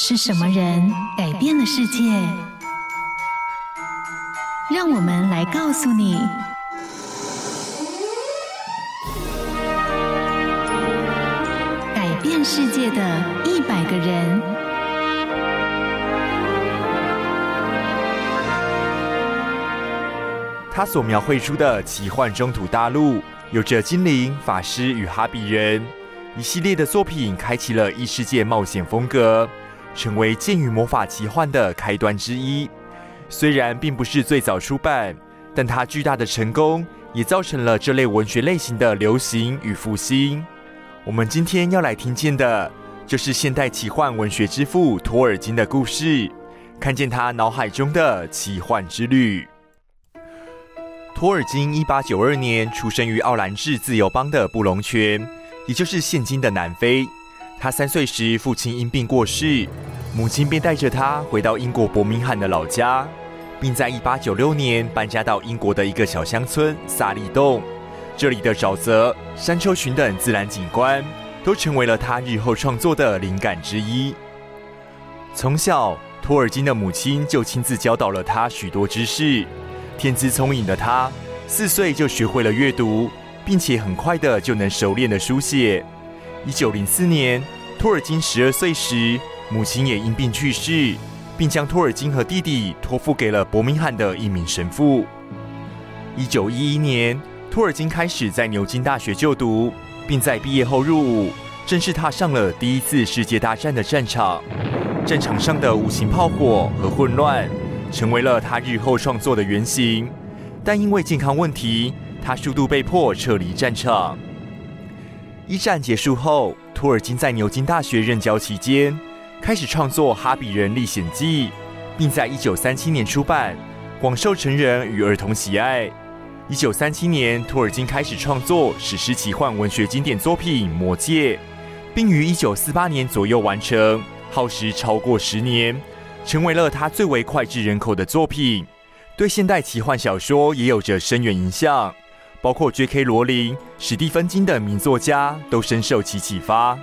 是什麼人改變了世界？世界讓我們來告訴你：改變世界的一百個人。他所描繪出的奇幻中土大陸，有着精靈、法師與哈比人一系列的作品，開啟了異世界冒險風格。成為劍與魔法奇幻的開端之一，雖然並不是最早出版，但它巨大的成功也造成了這類文學類型的流行與復興。我們今天要來聽見的就是現代奇幻文學之父托爾金的故事，看見他腦海中的奇幻之旅。托爾金一八九二年出生於奧蘭治自由邦的布隆泉，也就是現今的南非。他三歲時，父親因病過世，母親便帶着他回到英國伯明翰的老家，並在一八九六年搬家到英國的一個小鄉村薩利洞。這裡的沼澤、山丘群等自然景觀，都成為了他日後創作的靈感之一。從小，托爾金的母親就親自教導了他許多知識。天資聰穎的他，四歲就學會了閱讀，並且很快的就能熟練的書寫。一九零四年。托爾金十二歲時，母親也因病去世，並將托爾金和弟弟托付給了伯明翰的一名神父。一九一一年，托爾金開始在牛津大學就讀，並在畢業後入伍，正式踏上了第一次世界大戰的戰場。戰場上的無情炮火和混亂，成為了他日後創作的原型。但因為健康問題，他數度被迫撤離戰場。一戰結束後。托爾金在牛津大學任教期間，開始創作《哈比人歷險記》，並在一九三七年出版，廣受成人與兒童喜愛。一九三七年，托爾金開始創作史詩奇幻文學經典作品《魔戒》，並於一九四八年左右完成，耗時超過十年，成為了他最為膾炙人口的作品，對現代奇幻小說也有着深遠影響。包括 J.K. 羅琳、史蒂芬金等名作家都深受其啟發。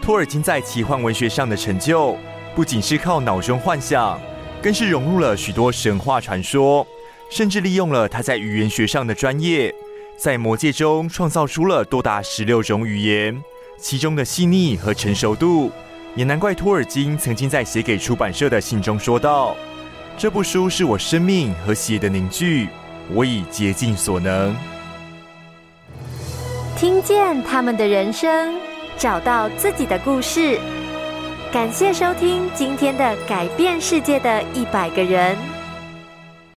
托爾金在奇幻文學上的成就，不僅是靠腦中幻想，更是融入了許多神話傳說，甚至利用了他在語言學上的專業，在魔戒中創造出了多達十六種語言，其中的細膩和成熟度，也難怪托爾金曾經在寫給出版社的信中說道：“這部書是我生命和血的凝聚。”我已竭盡所能，聽見他們的人生，找到自己的故事。感謝收聽今天的《改變世界的一百個人》。